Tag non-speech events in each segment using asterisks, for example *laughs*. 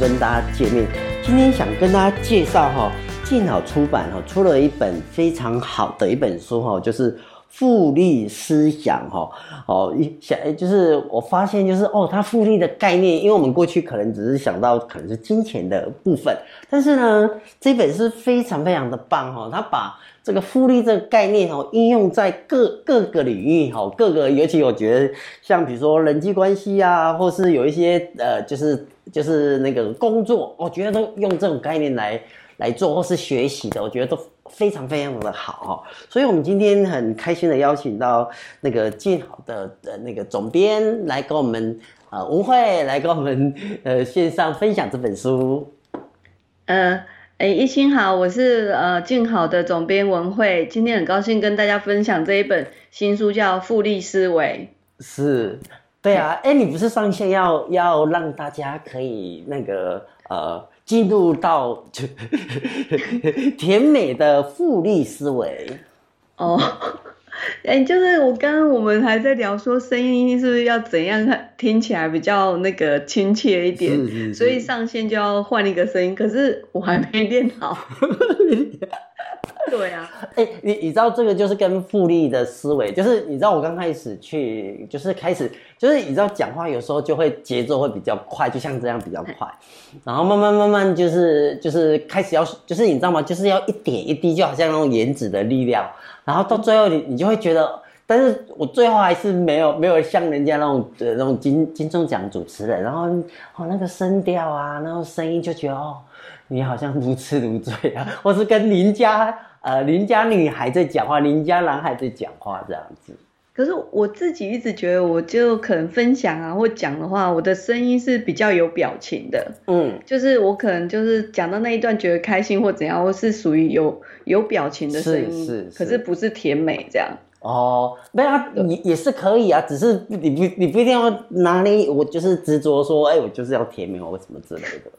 跟大家見面，今天想跟大家介紹哈，勁草出版哈出了一本非常好的一本書哈，就是。複利思想，哈，哦，一想，哎，就是我發現，就是哦，它複利的概念，因為我們過去可能只是想到可能是金錢的部分，但是呢，這本書非常非常的棒，哈、哦，它把這個複利這個概念，哦，應用在各各個領域，哈、哦，各個，尤其我覺得像比如說人際關係啊，或是有一些，呃，就是就是那個工作，我、哦、覺得都用這種概念來來做，或是學習的，我覺得都。非常非常的好，所以我們今天很開心的邀請到那個靜好的，的那個總編來跟我們呃文慧，來跟我們呃線上分享這本書。呃，哎、欸，一心好，我是呃靜好的總編文慧，今天很高興跟大家分享這一本新書，叫《複利思維》。是，對啊，哎、欸，你不是上線要要讓大家可以那個呃。進入到呵呵呵甜美的複利思維，哦，哎，就是我剛剛我們還在聊說，聲音是不是要怎樣聽起來比較那個親切一點。是是是是，所以上線就要換一個聲音。是是是，可是我還沒練好。 *laughs* *laughs* *laughs* 對啊，哎、欸，你你知道這個就是跟複利的思維，就是你知道我剛開始去，就是開始，就是你知道講話有時候就會節奏會比較快，就像這樣比較快，然後慢慢慢慢就是就是開始要，就是你知道嗎？就是要一點一滴，就好像那種顏子的力量，然後到最後你你就會覺得，但是我最後還是沒有沒有像人家那種、呃、那種金金鐘獎主持人，然後哦那個聲調啊，然後聲音就覺得哦。你好像如痴如醉啊，或是跟鄰家呃鄰家女孩在講話，鄰家男孩在講話這樣子。可是我自己一直覺得，我就可能分享啊或講的話，我的聲音是比較有表情的，嗯，就是我可能就是講到那一段覺得開心或怎樣，或是屬於有有表情的聲音是是，是，可是不是甜美這樣。哦，對啊，也也是可以啊，只是你不你不一定要拿捏，我就是執着說，哎，我就是要甜美或什麼之類的。 *laughs*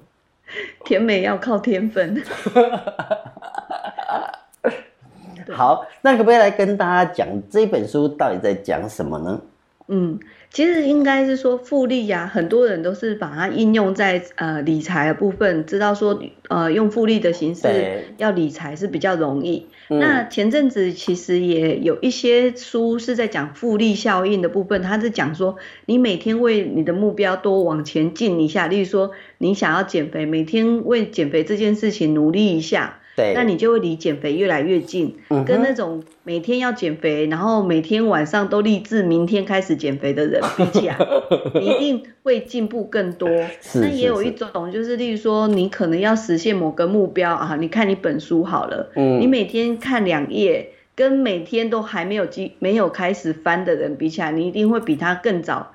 甜美要靠天分 *laughs* ，好，那可不可以來跟大家講這一本書到底在講什麼呢？嗯。其實應該是說複利呀、啊，很多人都是把它應用在呃理財的部分，知道說呃用複利的形式要理財是比較容易。那前陣子其實也有一些書是在講複利效應的部分，它是講說你每天為你的目標多往前進一下，例如說你想要減肥，每天為減肥這件事情努力一下。那你就會離減肥越來越近、嗯，跟那種每天要減肥，然後每天晚上都立志明天開始減肥的人比起來，你一定會進步更多。 *laughs* 那也有一種就是，例如說你可能要實現某個目標啊，你看你本書好了、嗯，你每天看兩頁，跟每天都還沒有進沒有開始翻的人比起來，你一定會比他更早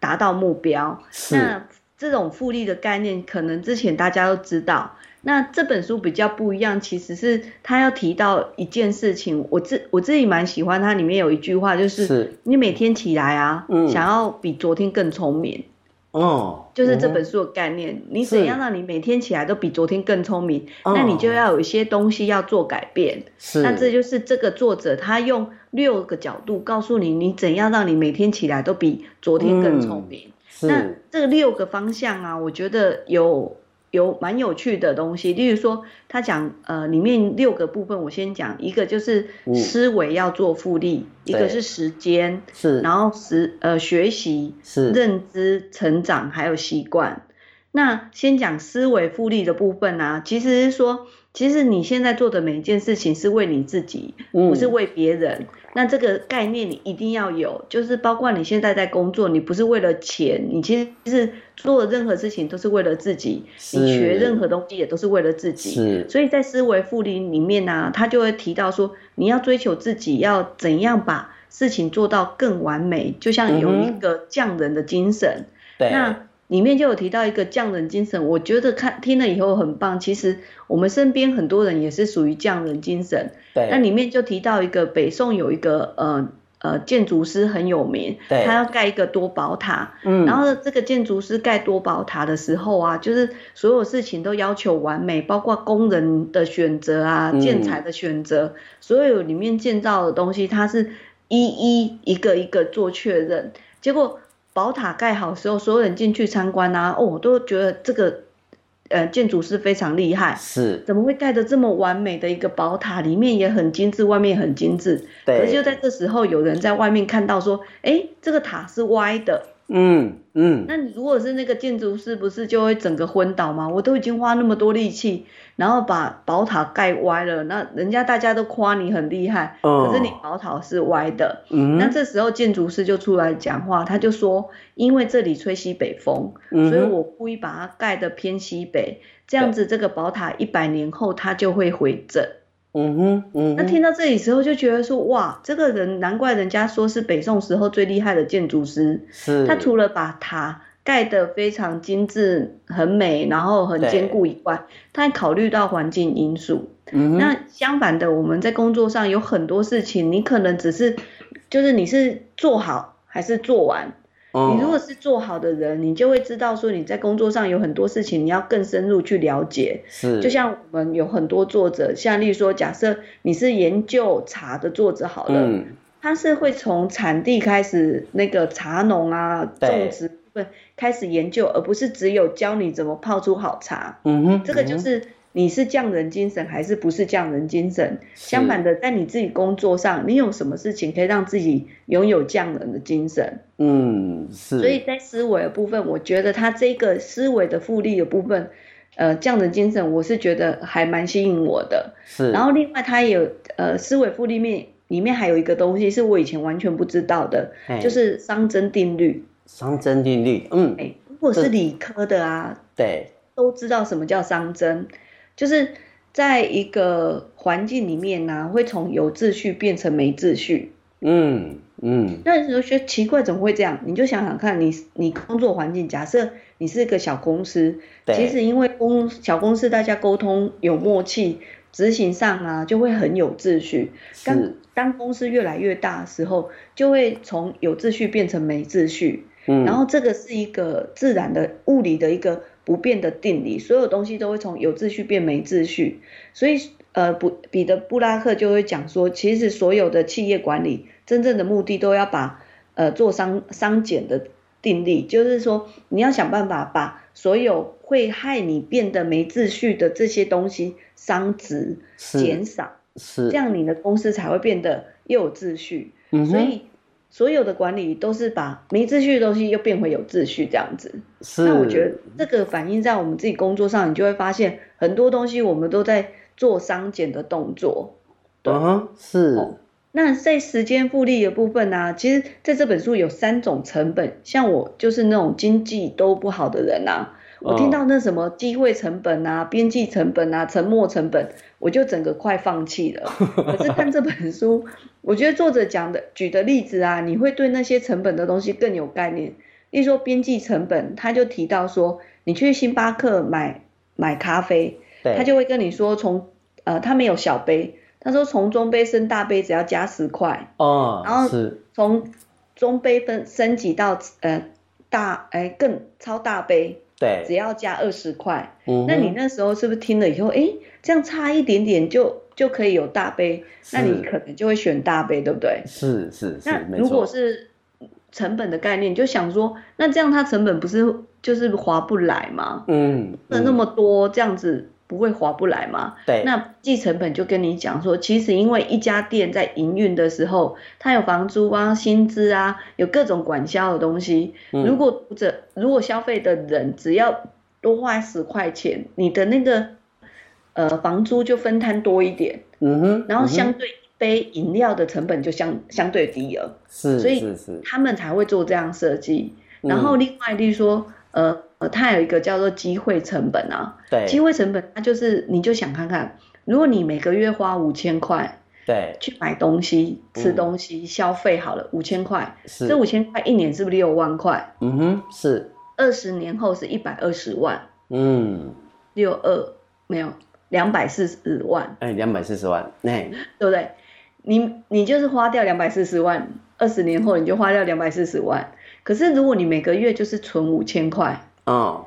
達到目標。是，那這種複利的概念，可能之前大家都知道。那這本書比較不一樣，其實是他要提到一件事情，我自我自己蠻喜歡。它裡面有一句話，就是，是你每天起來啊，嗯、想要比昨天更聰明，哦，就是這本書的概念、嗯。你怎樣讓你每天起來都比昨天更聰明？那你就要有一些東西要做改變。是、哦，那這就是這個作者他用六個角度告訴你，你怎樣讓你每天起來都比昨天更聰明、嗯。那這六個方向啊，我覺得有。有蠻有趣的東西，例如說他講，他講呃，裡面六個部分，我先講一個，就是思維要做複利，嗯、一個是時間，是，然後是呃學習，是認知成長，還有習慣。那先講思維複利的部分呢、啊，其實是說。其實你現在做的每一件事情是為你自己，不是為別人，嗯。那這個概念你一定要有，就是包括你現在在工作，你不是為了錢，你其實是做的任何事情都是為了自己。是。你學任何東西也都是為了自己。是。所以在思維複利裡面呢，啊，他就會提到說，你要追求自己，要怎樣把事情做到更完美，就像有一個匠人的精神。對，嗯。那。裡面就有提到一個匠人精神，我覺得看聽了以後很棒。其實我們身邊很多人也是屬於匠人精神。對。那裡面就提到一個北宋有一個呃呃建築師很有名，他要蓋一個多寶塔。嗯。然後這個建築師蓋多寶塔的時候啊，就是所有事情都要求完美，包括工人的選擇啊，建材的選擇，嗯，所有裡面建造的東西，他是一一一個一個一個做確認，結果。寶塔蓋好時候，所有人進去參觀啊，哦，我都覺得這個，呃，建築師非常厲害，是，怎麼會蓋得這麼完美的一個寶塔？裡面也很精緻，外面很精緻。對。可是就在這時候，有人在外面看到說，哎、欸，這個塔是歪的。嗯嗯，那你如果是那個建築師，不是就會整個昏倒嗎？我都已經花那麼多力氣，然後把寶塔蓋歪了，那人家大家都誇你很厲害，可是你寶塔是歪的。哦嗯。那這時候建築師就出來講話，他就說，因為這裡吹西北風，所以我故意把它蓋得偏西北，嗯，這樣子這個寶塔一百年後它就會回正。嗯哼，嗯哼，那聽到這裡時候就覺得說，哇，這個人難怪人家說是北宋時候最厲害的建築師。是。他除了把塔蓋得非常精緻、很美，然後很堅固以外，他還考慮到環境因素。嗯。那相反的，我們在工作上有很多事情，你可能只是，就是你是做好還是做完？Oh, 你如果是做好的人，你就會知道說，你在工作上有很多事情，你要更深入去了解。是，就像我們有很多作者，像例如說，假設你是研究茶的作者好了，嗯、他是會從產地開始，那個茶農啊種植部分開始研究，而不是只有教你怎麼泡出好茶。嗯哼，這個就是。嗯你是匠人精神還是不是匠人精神？相反的，在你自己工作上，你有什麼事情可以讓自己擁有匠人的精神？嗯，是。所以在思維的部分，我覺得他這個思維的複利的部分，呃，匠人精神，我是覺得還蠻吸引我的。是。然後另外他，它也有呃思維複利面裡面還有一個東西是我以前完全不知道的，就是熵增定律。熵增定律，嗯、欸。如果是理科的啊，對，都知道什麼叫熵增。就是在一個環境裡面呢、啊，會從有秩序變成沒秩序。嗯嗯。那有些奇怪，怎麼會這樣？你就想想看你，你你工作環境，假設你是一個小公司，對，其實因為公小公司大家溝通有默契，執行上啊就會很有秩序。當當公司越來越大的時候，就會從有秩序變成沒秩序。嗯。然後這個是一個自然的物理的一個不變的定理，所有東西都會從有秩序變沒秩序，所以呃，不，彼得·布拉克就會講說，其實所有的企業管理真正的目的，都要把呃做熵熵減的定理，就是說你要想辦法把所有會害你變得沒秩序的這些東西熵值減少是，是，這樣你的公司才會變得又有秩序，嗯，所以。所有的管理都是把沒秩序的東西又變回有秩序這樣子，是。那我覺得這個反映在我們自己工作上，你就會發現很多東西我們都在做刪減的動作。對，是。嗯、那在時間複利的部分呢、啊，其實在這本書有三種成本，像我就是那種經濟都不好的人啊。我聽到那什麼機會成本啊，邊、oh. 際成本啊，沉沒成本，我就整個快放棄了。 *laughs* 可是看這本書，我覺得作者講的舉的例子啊，你會對那些成本的東西更有概念。例如說邊際成本，他就提到說，你去星巴克買買咖啡，他就會跟你說從，從呃，他沒有小杯，他說從中杯升大杯只要加十塊，哦、oh,，然後從中杯分升級到呃大哎、欸、更超大杯，對，只要加二十塊，那你那時候是不是聽了以後，哎、欸，這樣差一點點就就可以有大杯，那你可能就會選大杯，對不對？是是是，是那如果是成本的概念，就想說，那這樣它成本不是就是划不來嗎？嗯，那那麼多這樣子。嗯不會划不來嘛？對，那計成本就跟你講說，其實因為一家店在營運的時候，它有房租啊、薪資啊，有各種管銷的東西。如果、嗯、如果消費的人只要多花十塊錢，你的那個呃房租就分攤多一點、嗯。然後相對一杯飲料的成本就相相對低了。是，是，是。所以他們才會做這樣設計。嗯、然後另外，例如說呃。它有一個叫做機會成本啊，對，機會成本，它就是，你就想看看，如果你每個月花五千塊，對，去買東西、嗯、吃東西、嗯、消費好了，五千塊，是，這五千塊一年是不是六萬塊？嗯哼，是，二十年後是一百二十萬，嗯，六二，沒有，兩百四十萬，哎，兩百四十萬，對不對？你你就是花掉兩百四十萬，二十年後你就花掉兩百四十萬，可是如果你每個月就是存五千塊。哦、oh.，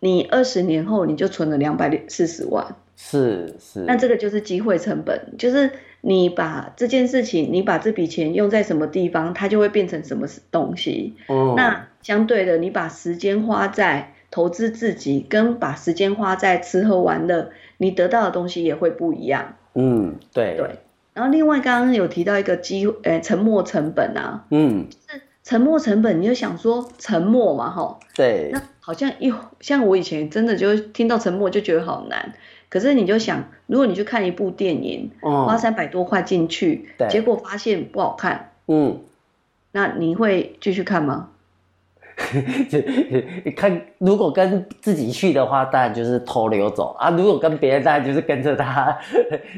你二十年後你就存了兩百四十萬，是是。那這個就是機會成本，就是你把這件事情，你把這筆錢用在什麼地方，它就會變成什麼東西。哦、oh.。那相對的，你把時間花在投資自己，跟把時間花在吃喝玩樂，你得到的東西也會不一樣。嗯，對對。然後另外剛剛有提到一個機會，哎，沉沒成本啊，嗯。就是沉沒成本，你就想說沉沒嘛，哈，對。那好像一像我以前真的就聽到沉沒就覺得好難。可是你就想，如果你去看一部電影，嗯、花三百多塊進去，結果發現不好看，嗯，那你會繼續看嗎？ *laughs* 看，如果跟自己去的話，當然就是偷溜走啊；如果跟別人，當然就是跟着他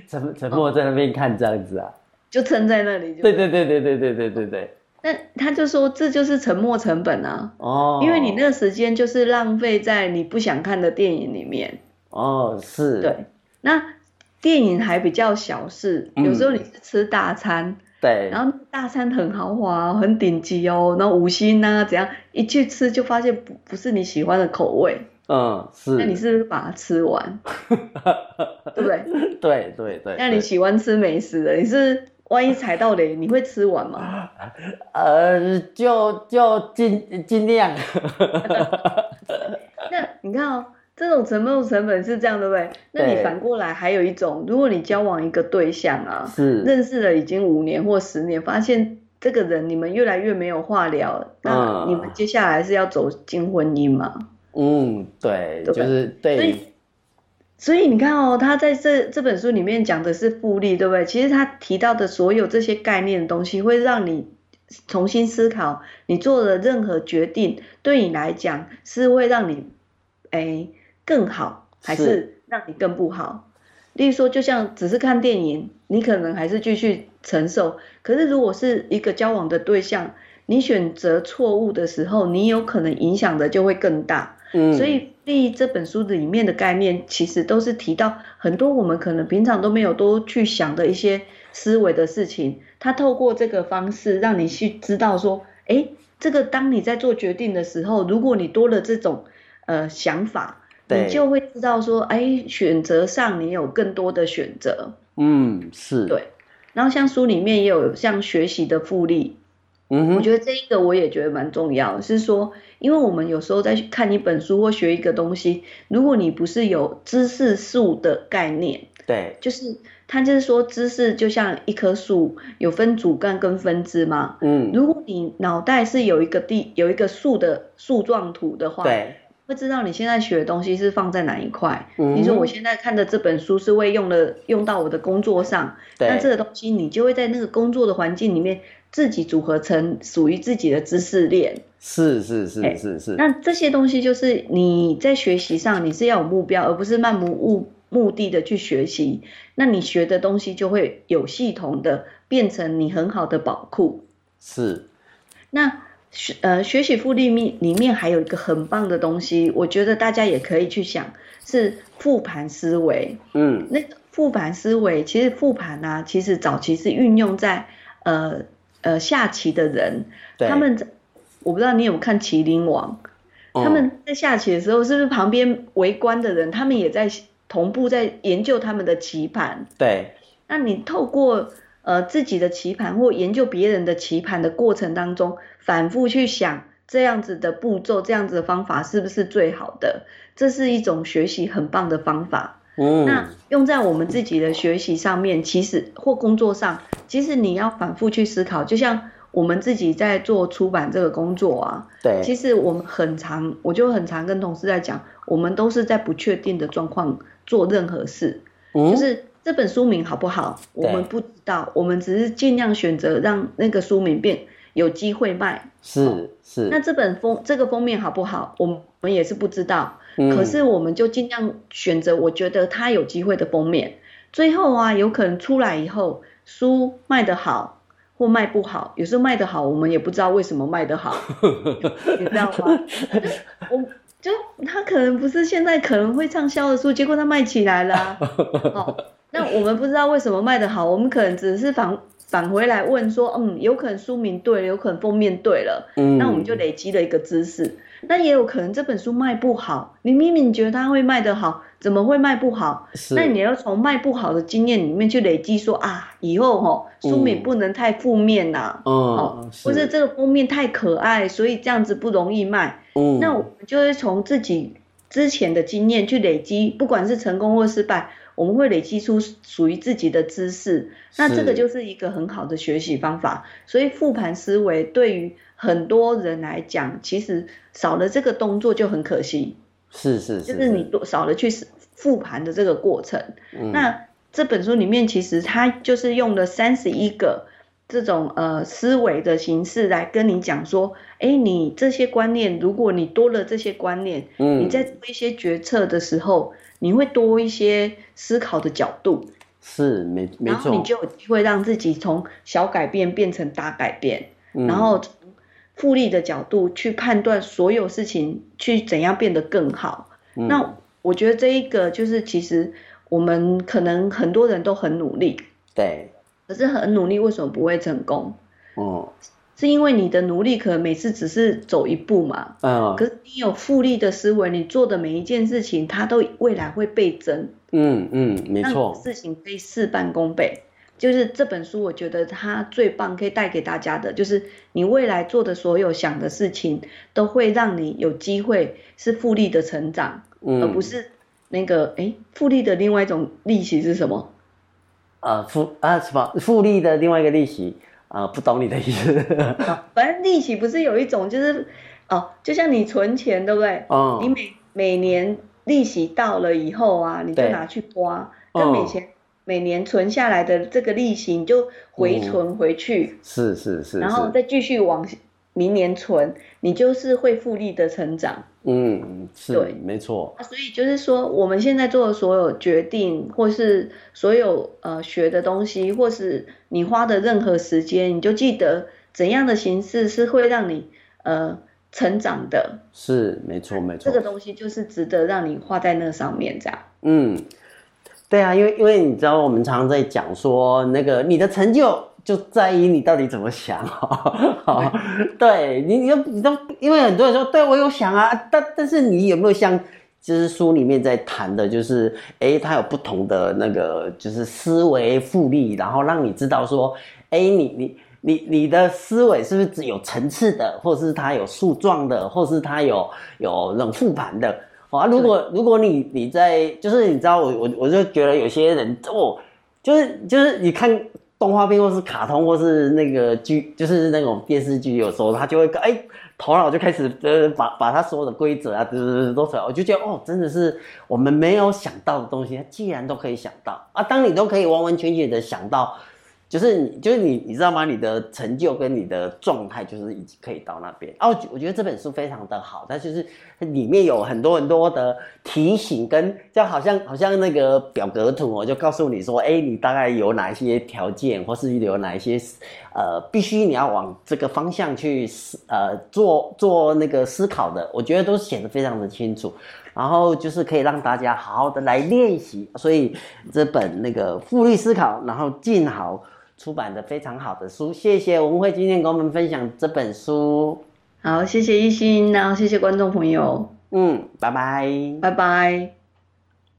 沉沉沒在那邊看、嗯、這樣子啊。就撐在那裡就。對對對對對對對對對，對。那他就說這就是沉沒成本啊，哦，因為你那個時間就是浪費在你不想看的電影裡面。哦，是。對，那電影還比較小事，嗯、有時候你是吃大餐，對，然後大餐很豪華，很頂級哦，那五星啊怎樣，一去吃就發現不不是你喜歡的口味，嗯，是。那你是不是把它吃完？嗯、對不對？ *laughs* 對對對,對。那你喜歡吃美食的，你是？萬一踩到雷，你會吃完嗎？ *laughs* 呃，就就盡盡量。 *laughs* *laughs* 那你看哦，這種沉沒成本是這樣的，對不對？那你反過來還有一種，如果你交往一個對象啊，是認識了已經五年或十年，發現這個人你們越來越沒有話聊，嗯，那你們接下來是要走進婚姻嗎？嗯對，對，就是對。所以你看哦，他在這這本書裡面講的是複利，對不對？其實他提到的所有這些概念的東西，會讓你重新思考你做的任何決定，對你來講是會讓你誒、欸、更好，還是讓你更不好？例如說，就像只是看電影，你可能還是繼續承受；可是如果是一個交往的對象，你選擇錯誤的時候，你有可能影響的就會更大。嗯、所以，這這本書裡面的概念，其實都是提到很多我們可能平常都沒有多去想的一些思維的事情。它透過這個方式，讓你去知道說，誒、欸，這個當你在做決定的時候，如果你多了這種呃想法，你就會知道說，哎、欸，選擇上你有更多的選擇。嗯，是對。然後像書裡面也有像學習的複利。嗯， *noise* 我覺得這一個我也覺得蠻重要的，是說，因為我們有時候在去看一本書或學一個東西，如果你不是有知識樹的概念，對，就是它就是說知識就像一棵樹，有分主幹跟分支嘛。嗯，如果你腦袋是有一個地有一個樹的樹狀圖的話，對，會知道你現在學的東西是放在哪一塊。你說我現在看的這本書是為用了用到我的工作上，那這個東西你就會在那個工作的環境裡面。自己組合成屬於自己的知識鏈，是是是是、欸、是，是，是。那這些東西就是你在學習上你是要有目標，而不是漫無目的的去學習。那你學的東西就會有系統的變成你很好的寶庫。是。那學呃學習複利面裡面還有一個很棒的東西，我覺得大家也可以去想，是複盤思維。嗯，那複盤思維其實複盤啊，其實早期是運用在呃。呃，下棋的人，他們在，我不知道你有沒有看《麒麟王》，嗯，他們在下棋的時候，是不是旁邊圍觀的人，他們也在同步在研究他們的棋盤？對，那你透過呃自己的棋盤或研究別人的棋盤的過程當中，反覆去想這樣子的步驟，這樣子的方法是不是最好的？這是一種學習很棒的方法。那用在我們自己的學習上面，其實或工作上，其實你要反覆去思考。就像我們自己在做出版這個工作啊，對，其實我們很常，我就很常跟同事在講，我們都是在不確定的狀況做任何事，嗯，就是這本書名好不好，我們不知道，我們只是盡量選擇讓那個書名變有機會賣，是，哦，是。那這本封這個封面好不好，我們我們也是不知道。可是我們就盡量選擇我覺得他有機會的封面，嗯、最後啊有可能出來以後書賣得好或賣不好，有時候賣得好我們也不知道為什麼賣得好， *laughs* 你知道嗎？我就他可能不是現在可能會暢銷的書，結果他賣起來了、啊 *laughs* 哦，那我們不知道為什麼賣得好，我們可能只是反返回來問說，嗯，有可能書名對了，有可能封面對了、嗯，那我們就累積了一個知識。那也有可能這本書賣不好，你明明覺得它會賣得好，怎麼會賣不好？那你要從賣不好的經驗裡面去累積，說啊，以後吼書名不能太負面吶，哦、嗯，或者這個封面太可愛，所以這樣子不容易賣。嗯、那我們就會從自己之前的經驗去累積，不管是成功或失敗。我們會累積出屬於自己的知識，那這個就是一個很好的學習方法。所以復盤思維對於很多人來講，其實少了這個動作就很可惜。是是是，是，就是你多少了去復盤的這個過程。嗯、那這本書裡面其實他就是用了三十一個這種呃思維的形式來跟你講說，哎，你這些觀念，如果你多了這些觀念，你在做一些決策的時候。嗯你會多一些思考的角度，是沒沒錯，然後你就會讓自己從小改變變成大改變，嗯、然後從複利的角度去判斷所有事情去怎樣變得更好、嗯。那我覺得這一個就是其實我們可能很多人都很努力，對，可是很努力為什麼不會成功？哦、嗯。是因為你的努力可能每次只是走一步嘛，啊，可是你有複利的思維，你做的每一件事情，它都未來會倍增。嗯嗯，沒錯，事情可以事半功倍。就是這本書，我覺得它最棒，可以帶給大家的，就是你未來做的所有想的事情，都會讓你有機會是複利的成長，而不是那個，誒，複利的另外一種利息是什麼？啊，複，啊是吧？複利的另外一個利息。啊，不懂你的意思 *laughs* 。反正利息不是有一種就是，哦，就像你存錢，對不對？哦，你每每年利息到了以後啊，你就拿去花。那、哦、每錢每年存下來的這個利息，你就回存回去。嗯、是是是，是。然後，再繼續往明年存，你就是會複利的成長。嗯，是，對沒錯、啊。所以就是說，我們現在做的所有決定，或是所有呃學的東西，或是你花的任何時間，你就記得怎樣的形式是會讓你呃成長的。是，沒錯、啊，沒錯。這個東西就是值得讓你花在那上面，這樣。嗯，對啊，因為因為你知道，我們常常在講說那個你的成就。就在於你到底怎麼想，好， *laughs* 對你，你你都因為很多人說，對我有想啊，但但是你有沒有像就是書裡面在談的，就是誒，他、欸、有不同的那個，就是思維複利，然後讓你知道說，誒、欸，你你你你的思維是不是只有層次的，或是他有樹狀的，或是他有有那種複盤的，啊，如果如果你你在，就是你知道我我我就覺得有些人哦，就是就是你看。動畫片，或是卡通，或是那個劇，就是那種電視劇。有時候他就會，哎，頭腦就開始呃，把把他所有的規則啊，都是都出來。我就覺得，哦，真的是我們沒有想到的東西，他既然都可以想到啊！當你都可以完完全全的想到。就是你，就是你，你知道嗎？你的成就跟你的狀態，就是已經可以到那邊哦、啊。我覺得這本書非常的好，它就是裡面有很多很多的提醒跟，跟就好像好像那個表格圖、喔，我就告訴你說，哎、欸，你大概有哪一些條件，或是有哪一些，呃，必須你要往這個方向去思，呃，做做那個思考的。我覺得都寫得非常的清楚，然後就是可以讓大家好好的來練習。所以這本那個複利思考，然後盡好。出版的非常好的書，謝謝文慧今天跟我們分享這本書。好，謝謝一心啊，然後謝謝觀眾朋友。嗯，嗯，拜拜。拜拜。